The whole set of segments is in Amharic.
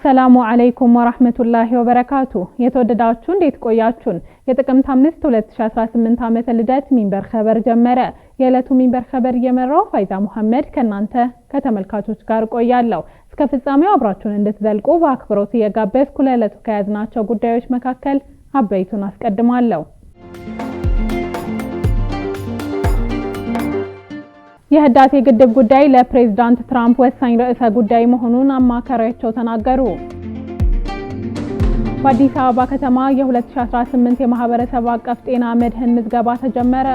አሰላሙ አለይኩም ወራህመቱላሂ ወበረካቱ። የተወደዳችሁ እንዴት ቆያችሁን? የጥቅምት 5 2018 ዓመተ ልደት ሚንበር ኸበር ጀመረ። የዕለቱ ሚንበር ኸበር እየመራው ፋይዛ ሙሐመድ ከእናንተ ከተመልካቾች ጋር ቆያለሁ። እስከ ፍጻሜው አብራችሁን እንድትዘልቁ በአክብሮት እየጋበዝኩ ለዕለቱ ከያዝናቸው ጉዳዮች መካከል አበይቱን አስቀድማለሁ። የህዳሴ ግድብ ጉዳይ ለፕሬዝዳንት ትራምፕ ወሳኝ ርዕሰ ጉዳይ መሆኑን አማካሪያቸው ተናገሩ። በአዲስ አበባ ከተማ የ2018 የማህበረሰብ አቀፍ ጤና መድህን ምዝገባ ተጀመረ።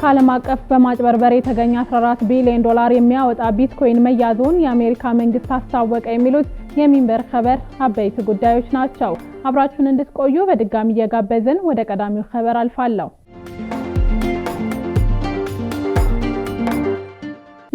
ከዓለም አቀፍ በማጭበርበር የተገኘ 14 ቢሊዮን ዶላር የሚያወጣ ቢትኮይን መያዙን የአሜሪካ መንግስት አስታወቀ። የሚሉት የሚንበር ኸበር አበይት ጉዳዮች ናቸው። አብራችሁን እንድትቆዩ በድጋሚ እየጋበዝን ወደ ቀዳሚው ኸበር አልፋለሁ።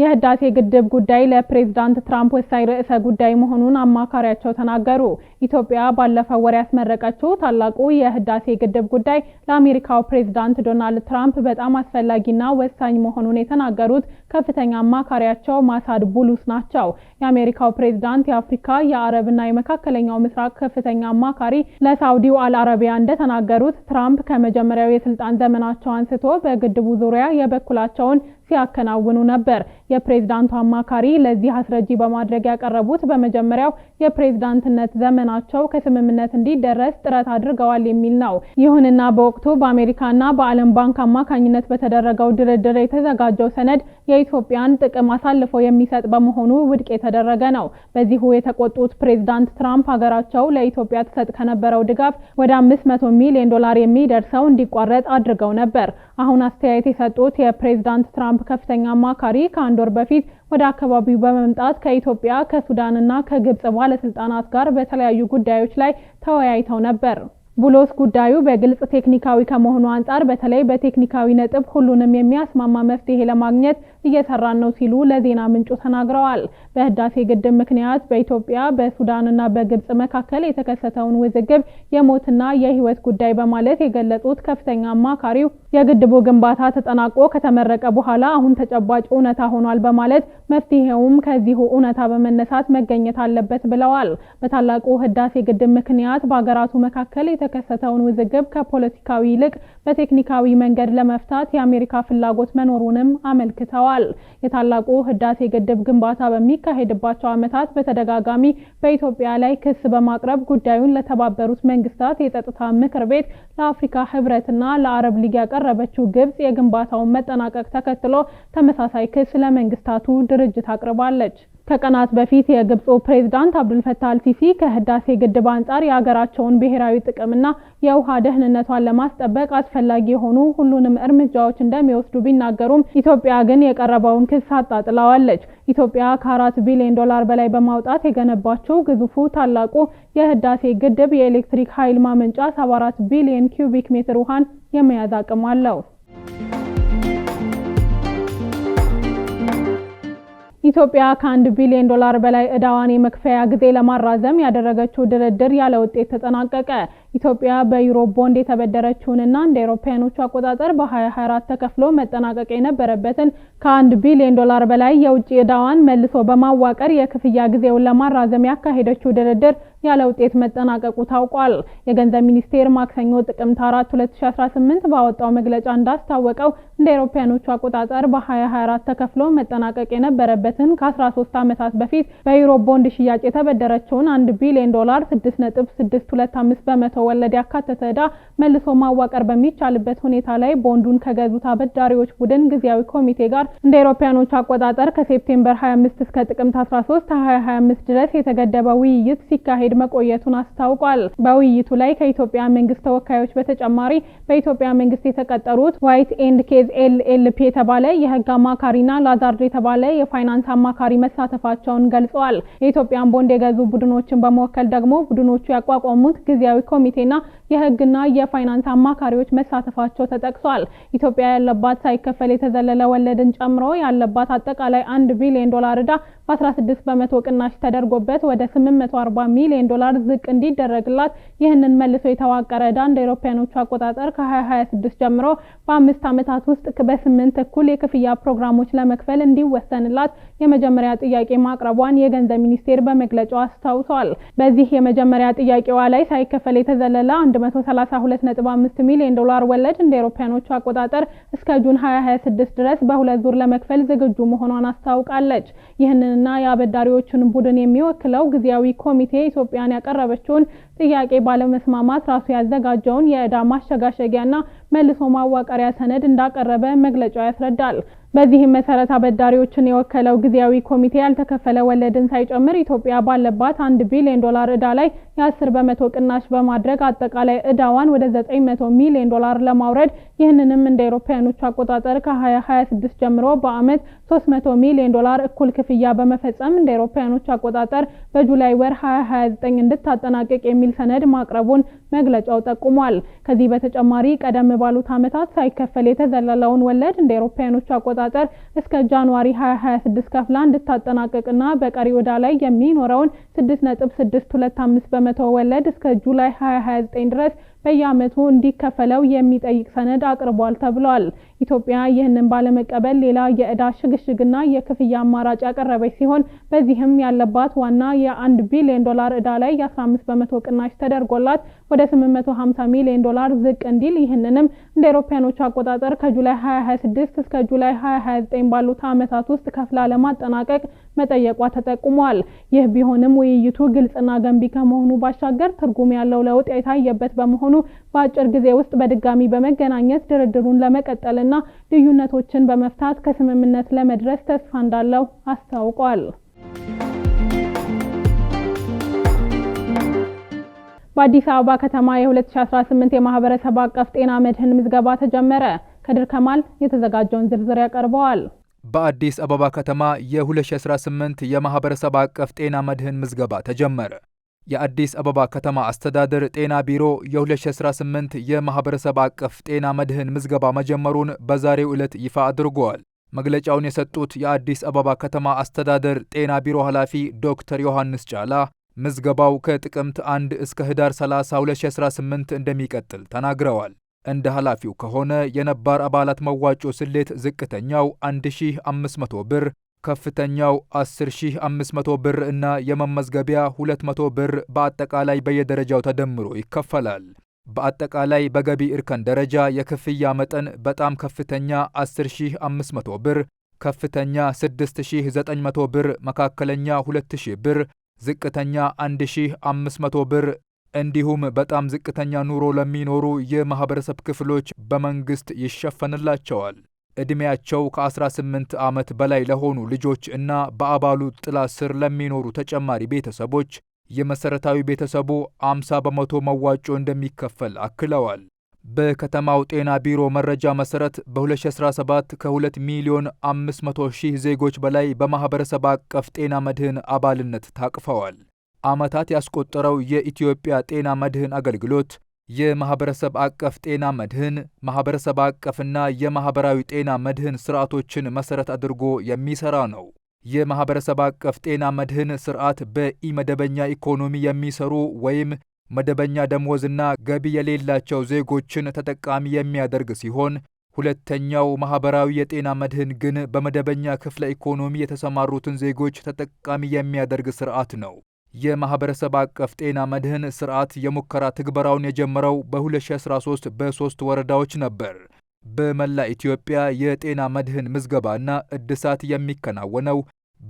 የህዳሴ ግድብ ጉዳይ ለፕሬዝዳንት ትራምፕ ወሳኝ ርዕሰ ጉዳይ መሆኑን አማካሪያቸው ተናገሩ። ኢትዮጵያ ባለፈው ወር ያስመረቀችው ታላቁ የህዳሴ ግድብ ጉዳይ ለአሜሪካው ፕሬዝዳንት ዶናልድ ትራምፕ በጣም አስፈላጊና ወሳኝ መሆኑን የተናገሩት ከፍተኛ አማካሪያቸው ማሳድ ቡሉስ ናቸው። የአሜሪካው ፕሬዝዳንት የአፍሪካ የአረብና የመካከለኛው ምስራቅ ከፍተኛ አማካሪ ለሳውዲው አልአረቢያ እንደተናገሩት ትራምፕ ከመጀመሪያው የስልጣን ዘመናቸው አንስቶ በግድቡ ዙሪያ የበኩላቸውን ሲያከናውኑ ነበር። የፕሬዝዳንቱ አማካሪ ለዚህ አስረጂ በማድረግ ያቀረቡት በመጀመሪያው የፕሬዝዳንትነት ዘመን በመወሰናቸው ከስምምነት እንዲደረስ ጥረት አድርገዋል የሚል ነው። ይሁንና በወቅቱ በአሜሪካና በዓለም ባንክ አማካኝነት በተደረገው ድርድር የተዘጋጀው ሰነድ የኢትዮጵያን ጥቅም አሳልፎ የሚሰጥ በመሆኑ ውድቅ የተደረገ ነው። በዚሁ የተቆጡት ፕሬዝዳንት ትራምፕ ሀገራቸው ለኢትዮጵያ ትሰጥ ከነበረው ድጋፍ ወደ 500 ሚሊዮን ዶላር የሚደርሰው እንዲቋረጥ አድርገው ነበር። አሁን አስተያየት የሰጡት የፕሬዝዳንት ትራምፕ ከፍተኛ አማካሪ ከአንድ ወር በፊት ወደ አካባቢው በመምጣት ከኢትዮጵያ ከሱዳንና ከግብጽ ባለስልጣናት ጋር በተለያዩ ጉዳዮች ላይ ተወያይተው ነበር። ቡሎስ ጉዳዩ በግልጽ ቴክኒካዊ ከመሆኑ አንጻር በተለይ በቴክኒካዊ ነጥብ ሁሉንም የሚያስማማ መፍትሄ ለማግኘት እየሰራን ነው ሲሉ ለዜና ምንጩ ተናግረዋል። በህዳሴ ግድብ ምክንያት በኢትዮጵያ በሱዳንና በግብጽ መካከል የተከሰተውን ውዝግብ የሞትና የህይወት ጉዳይ በማለት የገለጹት ከፍተኛ አማካሪው የግድቡ ግንባታ ተጠናቆ ከተመረቀ በኋላ አሁን ተጨባጭ እውነታ ሆኗል በማለት መፍትሄውም ከዚሁ እውነታ በመነሳት መገኘት አለበት ብለዋል። በታላቁ ህዳሴ ግድብ ምክንያት በሀገራቱ መካከል የተከሰተውን ውዝግብ ከፖለቲካዊ ይልቅ በቴክኒካዊ መንገድ ለመፍታት የአሜሪካ ፍላጎት መኖሩንም አመልክተዋል። የታላቁ ህዳሴ ግድብ ግንባታ በሚካሄድባቸው ዓመታት በተደጋጋሚ በኢትዮጵያ ላይ ክስ በማቅረብ ጉዳዩን ለተባበሩት መንግስታት የጸጥታ ምክር ቤት፣ ለአፍሪካ ህብረትና ለአረብ ሊግ ያቀረበችው ግብጽ የግንባታውን መጠናቀቅ ተከትሎ ተመሳሳይ ክስ ለመንግስታቱ ድርጅት አቅርባለች። ከቀናት በፊት የግብፁ ፕሬዝዳንት አብዱልፈታ አልሲሲ ከህዳሴ ግድብ አንጻር የሀገራቸውን ብሔራዊ ጥቅምና የውሃ ደህንነቷን ለማስጠበቅ አስፈላጊ የሆኑ ሁሉንም እርምጃዎች እንደሚወስዱ ቢናገሩም ኢትዮጵያ ግን የቀረበውን ክስ አጣጥለዋለች። ኢትዮጵያ ከአራት ቢሊዮን ዶላር በላይ በማውጣት የገነባቸው ግዙፉ ታላቁ የህዳሴ ግድብ የኤሌክትሪክ ኃይል ማመንጫ 74 ቢሊዮን ኪዩቢክ ሜትር ውሃን የመያዝ አቅም አለው። ኢትዮጵያ ከአንድ ቢሊዮን ዶላር በላይ እዳዋን የመክፈያ ጊዜ ለማራዘም ያደረገችው ድርድር ያለ ውጤት ተጠናቀቀ። ኢትዮጵያ በዩሮ ቦንድ የተበደረችውንና እንደ አውሮፓውያኖቹ አቆጣጠር በ2024 ተከፍሎ መጠናቀቅ የነበረበትን ከአንድ ቢሊዮን ዶላር በላይ የውጭ እዳዋን መልሶ በማዋቀር የክፍያ ጊዜውን ለማራዘም ያካሄደችው ድርድር ያለ ውጤት መጠናቀቁ ታውቋል። የገንዘብ ሚኒስቴር ማክሰኞ ጥቅምት 4 2018 ባወጣው መግለጫ እንዳስታወቀው እንደ አውሮፓውያኖቹ አቆጣጠር በ2024 ተከፍሎ መጠናቀቅ የነበረበትን ከ13 ዓመታት በፊት በዩሮ ቦንድ ሽያጭ የተበደረችውን 1 ቢሊዮን ዶላር 6.625 በመቶ ወለድ ያካተተ ዕዳ መልሶ ማዋቀር በሚቻልበት ሁኔታ ላይ ቦንዱን ከገዙት አበዳሪዎች ቡድን ጊዜያዊ ኮሚቴ ጋር እንደ አውሮፓውያኖቹ አቆጣጠር ከሴፕቴምበር 25 እስከ ጥቅምት 13 2025 ድረስ የተገደበ ውይይት ሲካሄድ ሲካሄድ መቆየቱን አስታውቋል። በውይይቱ ላይ ከኢትዮጵያ መንግስት ተወካዮች በተጨማሪ በኢትዮጵያ መንግስት የተቀጠሩት ዋይት ኤንድ ኬዝ ኤልኤልፒ የተባለ የህግ አማካሪና ላዛርድ የተባለ የፋይናንስ አማካሪ መሳተፋቸውን ገልጸዋል። የኢትዮጵያን ቦንድ የገዙ ቡድኖችን በመወከል ደግሞ ቡድኖቹ ያቋቋሙት ጊዜያዊ ኮሚቴና የህግና የፋይናንስ አማካሪዎች መሳተፋቸው ተጠቅሷል። ኢትዮጵያ ያለባት ሳይከፈል የተዘለለ ወለድን ጨምሮ ያለባት አጠቃላይ አንድ ቢሊዮን ዶላር እዳ በ16 በመቶ ቅናሽ ተደርጎበት ወደ 840 ሚሊዮን ሚሊዮን ዶላር ዝቅ እንዲደረግላት ይህንን መልሶ የተዋቀረ ዕዳ እንደ አውሮፓውያኖቹ አቆጣጠር ከ2026 ጀምሮ በአምስት ዓመታት ውስጥ በስምንት እኩል የክፍያ ፕሮግራሞች ለመክፈል እንዲወሰንላት የመጀመሪያ ጥያቄ ማቅረቧን የገንዘብ ሚኒስቴር በመግለጫው አስታውሷል። በዚህ የመጀመሪያ ጥያቄዋ ላይ ሳይከፈል የተዘለለ 132.5 ሚሊዮን ዶላር ወለድ እንደ አውሮፓውያኖቹ አቆጣጠር እስከ ጁን 2026 ድረስ በሁለት ዙር ለመክፈል ዝግጁ መሆኗን አስታውቃለች። ይህንንና የአበዳሪዎችን ቡድን የሚወክለው ጊዜያዊ ኮሚቴ ኢትዮጵያን ያቀረበችውን ጥያቄ ባለመስማማት ራሱ ያዘጋጀውን የእዳ ማሸጋሸጊያና መልሶ ማዋቀሪያ ሰነድ እንዳቀረበ መግለጫው ያስረዳል። በዚህም መሰረት አበዳሪዎችን የወከለው ጊዜያዊ ኮሚቴ ያልተከፈለ ወለድን ሳይጨምር ኢትዮጵያ ባለባት አንድ ቢሊዮን ዶላር እዳ ላይ የ በመቶ ቅናሽ በማድረግ አጠቃላይ እዳዋን ወደ 900 ሚሊዮን ዶላር ለማውረድ ይህንንም እንደ አውሮፓውያኖቹ አቆጣጠር ከ2026 ጀምሮ በአመት 300 ሚሊዮን ዶላር እኩል ክፍያ በመፈጸም እንደ አውሮፓውያኖቹ አቆጣጠር በጁላይ ወር 2029 እንድታጠናቀቅ የሚል የሚል ሰነድ ማቅረቡን መግለጫው ጠቁሟል። ከዚህ በተጨማሪ ቀደም ባሉት ዓመታት ሳይከፈል የተዘለለውን ወለድ እንደ ኤሮፓያኖች አቆጣጠር እስከ ጃንዋሪ 2026 ከፍላ እንድታጠናቅቅና በቀሪ ዕዳ ላይ የሚኖረውን 6.625 በመቶ ወለድ እስከ ጁላይ 2029 ድረስ በየዓመቱ እንዲከፈለው የሚጠይቅ ሰነድ አቅርቧል ተብሏል። ኢትዮጵያ ይህንን ባለመቀበል ሌላ የዕዳ ሽግሽግና የክፍያ አማራጭ ያቀረበች ሲሆን በዚህም ያለባት ዋና የ1 ቢሊዮን ዶላር ዕዳ ላይ የ15 በመቶ ቅናሽ ተደርጎላት ወደ 850 ሚሊዮን ዶላር ዝቅ እንዲል ይህንንም እንደ አውሮፓውያኖቹ አቆጣጠር ከጁላይ 2026 እስከ ጁላይ 2029 ባሉት ዓመታት ውስጥ ከፍላ ለማጠናቀቅ መጠየቋ ተጠቁሟል። ይህ ቢሆንም ውይይቱ ግልጽና ገንቢ ከመሆኑ ባሻገር ትርጉም ያለው ለውጥ የታየበት በመሆኑ በአጭር ጊዜ ውስጥ በድጋሚ በመገናኘት ድርድሩን ለመቀጠልና ልዩነቶችን በመፍታት ከስምምነት ለመድረስ ተስፋ እንዳለው አስታውቋል። በአዲስ አበባ ከተማ የ2018 የማህበረሰብ አቀፍ ጤና መድህን ምዝገባ ተጀመረ። ከድር ከማል የተዘጋጀውን ዝርዝር ያቀርበዋል። በአዲስ አበባ ከተማ የ2018 የማህበረሰብ አቀፍ ጤና መድህን ምዝገባ ተጀመረ። የአዲስ አበባ ከተማ አስተዳደር ጤና ቢሮ የ2018 የማህበረሰብ አቀፍ ጤና መድህን ምዝገባ መጀመሩን በዛሬው ዕለት ይፋ አድርጓል። መግለጫውን የሰጡት የአዲስ አበባ ከተማ አስተዳደር ጤና ቢሮ ኃላፊ ዶክተር ዮሐንስ ጫላ ምዝገባው ከጥቅምት 1 እስከ ህዳር 30 2018 እንደሚቀጥል ተናግረዋል። እንደ ኃላፊው ከሆነ የነባር አባላት መዋጮ ስሌት ዝቅተኛው 1500 ብር፣ ከፍተኛው 10500 ብር እና የመመዝገቢያ 200 ብር በአጠቃላይ በየደረጃው ተደምሮ ይከፈላል። በአጠቃላይ በገቢ እርከን ደረጃ የክፍያ መጠን በጣም ከፍተኛ 10500 ብር ከፍተኛ 6900 ብር፣ መካከለኛ 2000 ብር፣ ዝቅተኛ 1500 ብር እንዲሁም በጣም ዝቅተኛ ኑሮ ለሚኖሩ የማህበረሰብ ክፍሎች በመንግስት ይሸፈንላቸዋል። ዕድሜያቸው ከ18 ዓመት በላይ ለሆኑ ልጆች እና በአባሉ ጥላ ስር ለሚኖሩ ተጨማሪ ቤተሰቦች የመሠረታዊ ቤተሰቡ 50 በመቶ መዋጮ እንደሚከፈል አክለዋል። በከተማው ጤና ቢሮ መረጃ መሰረት በ2017 ከ2 ሚሊዮን 500 ሺህ ዜጎች በላይ በማኅበረሰብ አቀፍ ጤና መድህን አባልነት ታቅፈዋል። ዓመታት ያስቆጠረው የኢትዮጵያ ጤና መድህን አገልግሎት የማኅበረሰብ አቀፍ ጤና መድህን፣ ማኅበረሰብ አቀፍና የማኅበራዊ ጤና መድህን ሥርዓቶችን መሠረት አድርጎ የሚሠራ ነው። የማኅበረሰብ አቀፍ ጤና መድህን ሥርዓት በኢመደበኛ ኢኮኖሚ የሚሰሩ ወይም መደበኛ ደሞዝና ገቢ የሌላቸው ዜጎችን ተጠቃሚ የሚያደርግ ሲሆን ሁለተኛው ማህበራዊ የጤና መድህን ግን በመደበኛ ክፍለ ኢኮኖሚ የተሰማሩትን ዜጎች ተጠቃሚ የሚያደርግ ስርዓት ነው። የማህበረሰብ አቀፍ ጤና መድህን ስርዓት የሙከራ ትግበራውን የጀመረው በ2013 በሶስት ወረዳዎች ነበር። በመላ ኢትዮጵያ የጤና መድህን ምዝገባና እድሳት የሚከናወነው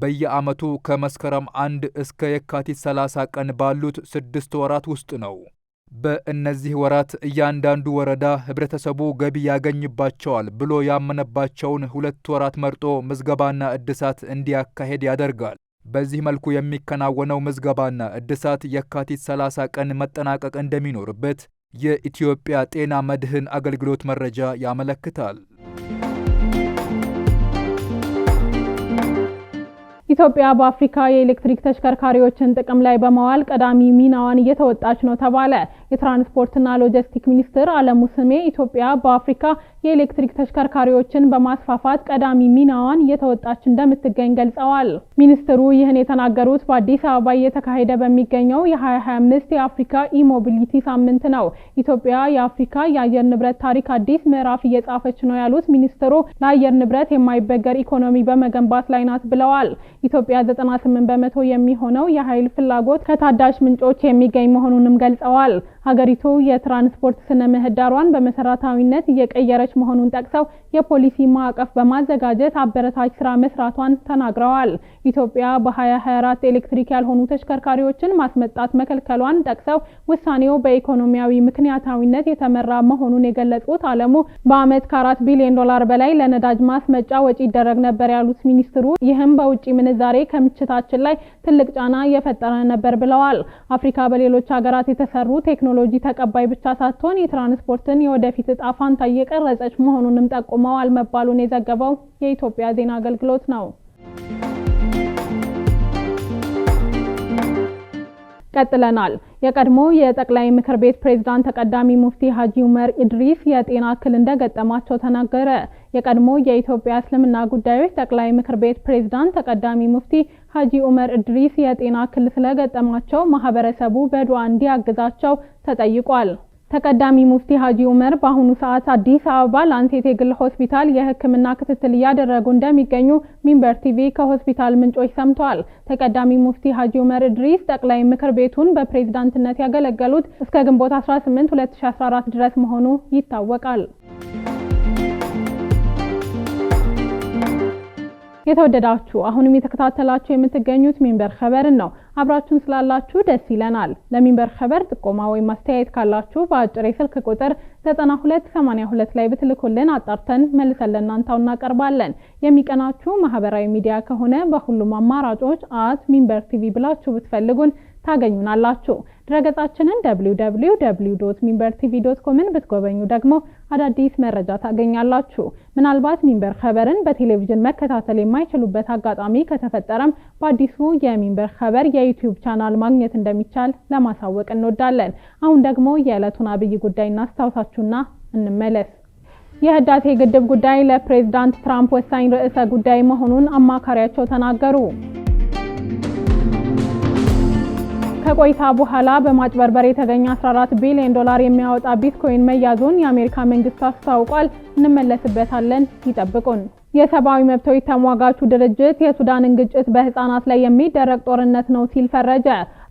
በየዓመቱ ከመስከረም አንድ እስከ የካቲት 30 ቀን ባሉት ስድስት ወራት ውስጥ ነው። በእነዚህ ወራት እያንዳንዱ ወረዳ ህብረተሰቡ ገቢ ያገኝባቸዋል ብሎ ያመነባቸውን ሁለት ወራት መርጦ ምዝገባና እድሳት እንዲያካሄድ ያደርጋል። በዚህ መልኩ የሚከናወነው ምዝገባና እድሳት የካቲት 30 ቀን መጠናቀቅ እንደሚኖርበት የኢትዮጵያ ጤና መድህን አገልግሎት መረጃ ያመለክታል። ኢትዮጵያ በአፍሪካ የኤሌክትሪክ ተሽከርካሪዎችን ጥቅም ላይ በመዋል ቀዳሚ ሚናዋን እየተወጣች ነው ተባለ። የትራንስፖርትና ሎጂስቲክ ሚኒስትር አለሙ ስሜ ኢትዮጵያ በአፍሪካ የኤሌክትሪክ ተሽከርካሪዎችን በማስፋፋት ቀዳሚ ሚናዋን እየተወጣች እንደምትገኝ ገልጸዋል። ሚኒስትሩ ይህን የተናገሩት በአዲስ አበባ እየተካሄደ በሚገኘው የ2025 የአፍሪካ ኢሞቢሊቲ ሳምንት ነው። ኢትዮጵያ የአፍሪካ የአየር ንብረት ታሪክ አዲስ ምዕራፍ እየጻፈች ነው ያሉት ሚኒስትሩ ለአየር ንብረት የማይበገር ኢኮኖሚ በመገንባት ላይ ናት ብለዋል። ኢትዮጵያ 98 በመቶ የሚሆነው የኃይል ፍላጎት ከታዳሽ ምንጮች የሚገኝ መሆኑንም ገልጸዋል። ሀገሪቱ የትራንስፖርት ስነ ምህዳሯን በመሰረታዊነት እየቀየረች መሆኑን ጠቅሰው የፖሊሲ ማዕቀፍ በማዘጋጀት አበረታች ስራ መስራቷን ተናግረዋል። ኢትዮጵያ በ2024 ኤሌክትሪክ ያልሆኑ ተሽከርካሪዎችን ማስመጣት መከልከሏን ጠቅሰው ውሳኔው በኢኮኖሚያዊ ምክንያታዊነት የተመራ መሆኑን የገለጹት አለሙ በአመት ከአራት ቢሊዮን ዶላር በላይ ለነዳጅ ማስመጫ ወጪ ይደረግ ነበር ያሉት ሚኒስትሩ ይህም በውጭ ምን ምንዛሬ ከምችታችን ላይ ትልቅ ጫና እየፈጠረ ነበር ብለዋል። አፍሪካ በሌሎች ሀገራት የተሰሩ ቴክኖሎጂ ተቀባይ ብቻ ሳትሆን የትራንስፖርትን የወደፊት እጣ ፋንታ እየቀረጸች መሆኑንም ጠቁመዋል መባሉን የዘገበው የኢትዮጵያ ዜና አገልግሎት ነው። ቀጥለናል። የቀድሞ የጠቅላይ ምክር ቤት ፕሬዝዳንት ተቀዳሚ ሙፍቲ ሀጂ ዑመር ኢድሪስ የጤና እክል እንደገጠማቸው ተናገረ። የቀድሞ የኢትዮጵያ እስልምና ጉዳዮች ጠቅላይ ምክር ቤት ፕሬዝዳንት ተቀዳሚ ሙፍቲ ሀጂ ኡመር እድሪስ የጤና እክል ስለገጠማቸው ማህበረሰቡ በዱዓ እንዲያግዛቸው ተጠይቋል። ተቀዳሚ ሙፍቲ ሀጂ ኡመር በአሁኑ ሰዓት አዲስ አበባ ላንሴት የግል ሆስፒታል የሕክምና ክትትል እያደረጉ እንደሚገኙ ሚንበር ቲቪ ከሆስፒታል ምንጮች ሰምተዋል። ተቀዳሚ ሙፍቲ ሀጂ ኡመር እድሪስ ጠቅላይ ምክር ቤቱን በፕሬዝዳንትነት ያገለገሉት እስከ ግንቦት 18 2014 ድረስ መሆኑ ይታወቃል። የተወደዳችሁ አሁንም የተከታተላችሁ የምትገኙት ሚንበር ኸበርን ነው። አብራችሁን ስላላችሁ ደስ ይለናል። ለሚንበር ኸበር ጥቆማ ወይም አስተያየት ካላችሁ በአጭር የስልክ ቁጥር 9282 ላይ ብትልኩልን አጣርተን መልሰን ለእናንተው እናቀርባለን። የሚቀናችሁ ማህበራዊ ሚዲያ ከሆነ በሁሉም አማራጮች አት ሚንበር ቲቪ ብላችሁ ብትፈልጉን ታገኙናላችሁ። ድረገጻችንን ሚንበር ቲቪ ዶት ኮምን ብትጎበኙ ደግሞ አዳዲስ መረጃ ታገኛላችሁ። ምናልባት ሚንበር ኸበርን በቴሌቪዥን መከታተል የማይችሉበት አጋጣሚ ከተፈጠረም በአዲሱ የሚንበር ኸበር የዩቲዩብ ቻናል ማግኘት እንደሚቻል ለማሳወቅ እንወዳለን። አሁን ደግሞ የዕለቱን አብይ ጉዳይ እናስታውሳችሁና እንመለስ። የህዳሴ ግድብ ጉዳይ ለፕሬዝዳንት ትራምፕ ወሳኝ ርዕሰ ጉዳይ መሆኑን አማካሪያቸው ተናገሩ። ከቆይታ በኋላ በማጭበርበር የተገኘ 14 ቢሊዮን ዶላር የሚያወጣ ቢትኮይን መያዙን የአሜሪካ መንግስት አስታውቋል። እንመለስበታለን። ይጠብቁን። የሰብአዊ መብቶች ተሟጋቹ ድርጅት የሱዳንን ግጭት በህፃናት ላይ የሚደረግ ጦርነት ነው ሲል ፈረጀ።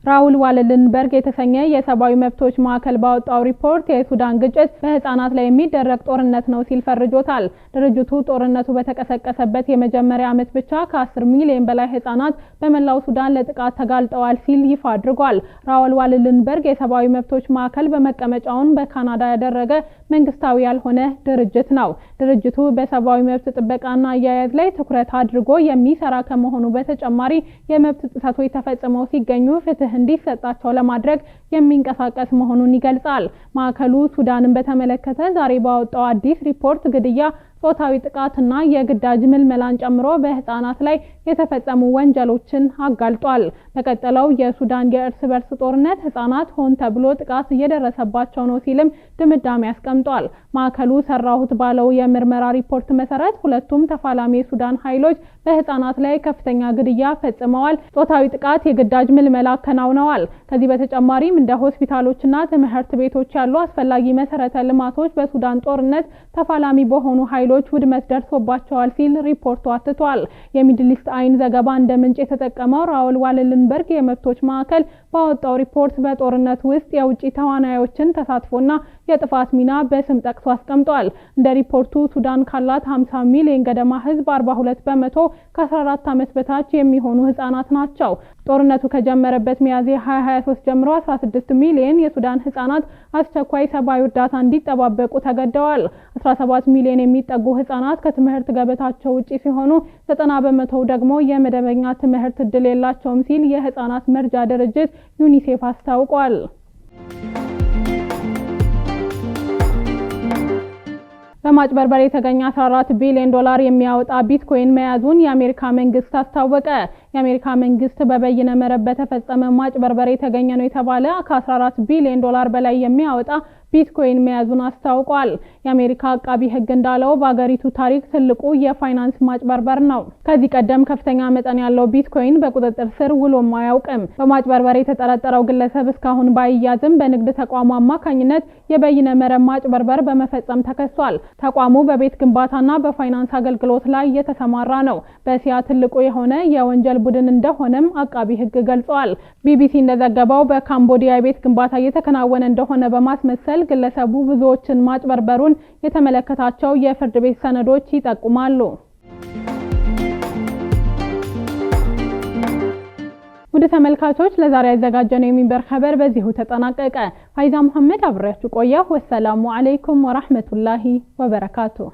ራውል ዋለልንበርግ የተሰኘ የሰብአዊ መብቶች ማዕከል ባወጣው ሪፖርት የሱዳን ግጭት በህፃናት ላይ የሚደረግ ጦርነት ነው ሲል ፈርጆታል። ድርጅቱ ጦርነቱ በተቀሰቀሰበት የመጀመሪያ ዓመት ብቻ ከ10 ሚሊዮን በላይ ህፃናት በመላው ሱዳን ለጥቃት ተጋልጠዋል ሲል ይፋ አድርጓል። ራውል ዋለልንበርግ የሰብአዊ መብቶች ማዕከል በመቀመጫውን በካናዳ ያደረገ መንግስታዊ ያልሆነ ድርጅት ነው። ነው። ድርጅቱ በሰብአዊ መብት ጥበቃና አያያዝ ላይ ትኩረት አድርጎ የሚሰራ ከመሆኑ በተጨማሪ የመብት ጥሰቶች ተፈጽመው ሲገኙ ፍትህ እንዲሰጣቸው ለማድረግ የሚንቀሳቀስ መሆኑን ይገልጻል። ማዕከሉ ሱዳንን በተመለከተ ዛሬ ባወጣው አዲስ ሪፖርት ግድያ ጾታዊ ጥቃትና የግዳጅ ምልመላን ጨምሮ በህፃናት ላይ የተፈጸሙ ወንጀሎችን አጋልጧል። በቀጠለው የሱዳን የእርስ በርስ ጦርነት ህጻናት ሆን ተብሎ ጥቃት እየደረሰባቸው ነው ሲልም ድምዳሜ አስቀምጧል። ማዕከሉ ሰራሁት ባለው የምርመራ ሪፖርት መሰረት ሁለቱም ተፋላሚ የሱዳን ኃይሎች በህፃናት ላይ ከፍተኛ ግድያ ፈጽመዋል፣ ጾታዊ ጥቃት፣ የግዳጅ ምልመላ አከናውነዋል። ከዚህ በተጨማሪም እንደ ሆስፒታሎችና ትምህርት ቤቶች ያሉ አስፈላጊ መሰረተ ልማቶች በሱዳን ጦርነት ተፋላሚ በሆኑ ኃይሎች ኃይሎች ውድመት ደርሶባቸዋል ሲል ሪፖርቱ አትቷል። የሚድል ኢስት አይን ዘገባ እንደ ምንጭ የተጠቀመው ራውል ዋልልንበርግ የመብቶች ማዕከል ባወጣው ሪፖርት በጦርነት ውስጥ የውጭ ተዋናዮችን ተሳትፎና የጥፋት ሚና በስም ጠቅሶ አስቀምጧል። እንደ ሪፖርቱ ሱዳን ካላት 50 ሚሊዮን ገደማ ህዝብ 42 በመቶ ከ14 ዓመት በታች የሚሆኑ ህጻናት ናቸው። ጦርነቱ ከጀመረበት ሚያዝያ 2023 ጀምሮ 16 ሚሊዮን የሱዳን ህጻናት አስቸኳይ ሰብአዊ እርዳታ እንዲጠባበቁ ተገደዋል። 17 ሚሊዮን የሚጠ የሚጠጉ ህጻናት ከትምህርት ገበታቸው ውጪ ሲሆኑ ዘጠና በመቶው ደግሞ የመደበኛ ትምህርት እድል የላቸውም ሲል የህጻናት መርጃ ድርጅት ዩኒሴፍ አስታውቋል። በማጭበርበር የተገኘ 14 ቢሊዮን ዶላር የሚያወጣ ቢትኮይን መያዙን የአሜሪካ መንግስት አስታወቀ። የአሜሪካ መንግስት በበይነ መረብ በተፈጸመ ማጭበርበር የተገኘ ነው የተባለ ከ14 ቢሊዮን ዶላር በላይ የሚያወጣ ቢትኮይን መያዙን አስታውቋል። የአሜሪካ አቃቢ ሕግ እንዳለው በአገሪቱ ታሪክ ትልቁ የፋይናንስ ማጭበርበር ነው። ከዚህ ቀደም ከፍተኛ መጠን ያለው ቢትኮይን በቁጥጥር ስር ውሎም አያውቅም። በማጭበርበር የተጠረጠረው ግለሰብ እስካሁን ባይያዝም በንግድ ተቋሙ አማካኝነት የበይነ መረብ ማጭበርበር በመፈጸም ተከሷል። ተቋሙ በቤት ግንባታና በፋይናንስ አገልግሎት ላይ የተሰማራ ነው። በእስያ ትልቁ የሆነ የወንጀል ቡድን እንደሆነም አቃቢ ሕግ ገልጿል። ቢቢሲ እንደዘገበው በካምቦዲያ የቤት ግንባታ እየተከናወነ እንደሆነ በማስመሰል መካከል ግለሰቡ ብዙዎችን ማጭበርበሩን የተመለከታቸው የፍርድ ቤት ሰነዶች ይጠቁማሉ። ውድ ተመልካቾች ለዛሬ ያዘጋጀነው የሚንበር ኸበር በዚሁ ተጠናቀቀ። ፋይዛ መሐመድ አብሬያችሁ ቆየሁ። ወሰላሙ አለይኩም ወራህመቱላሂ ወበረካቱ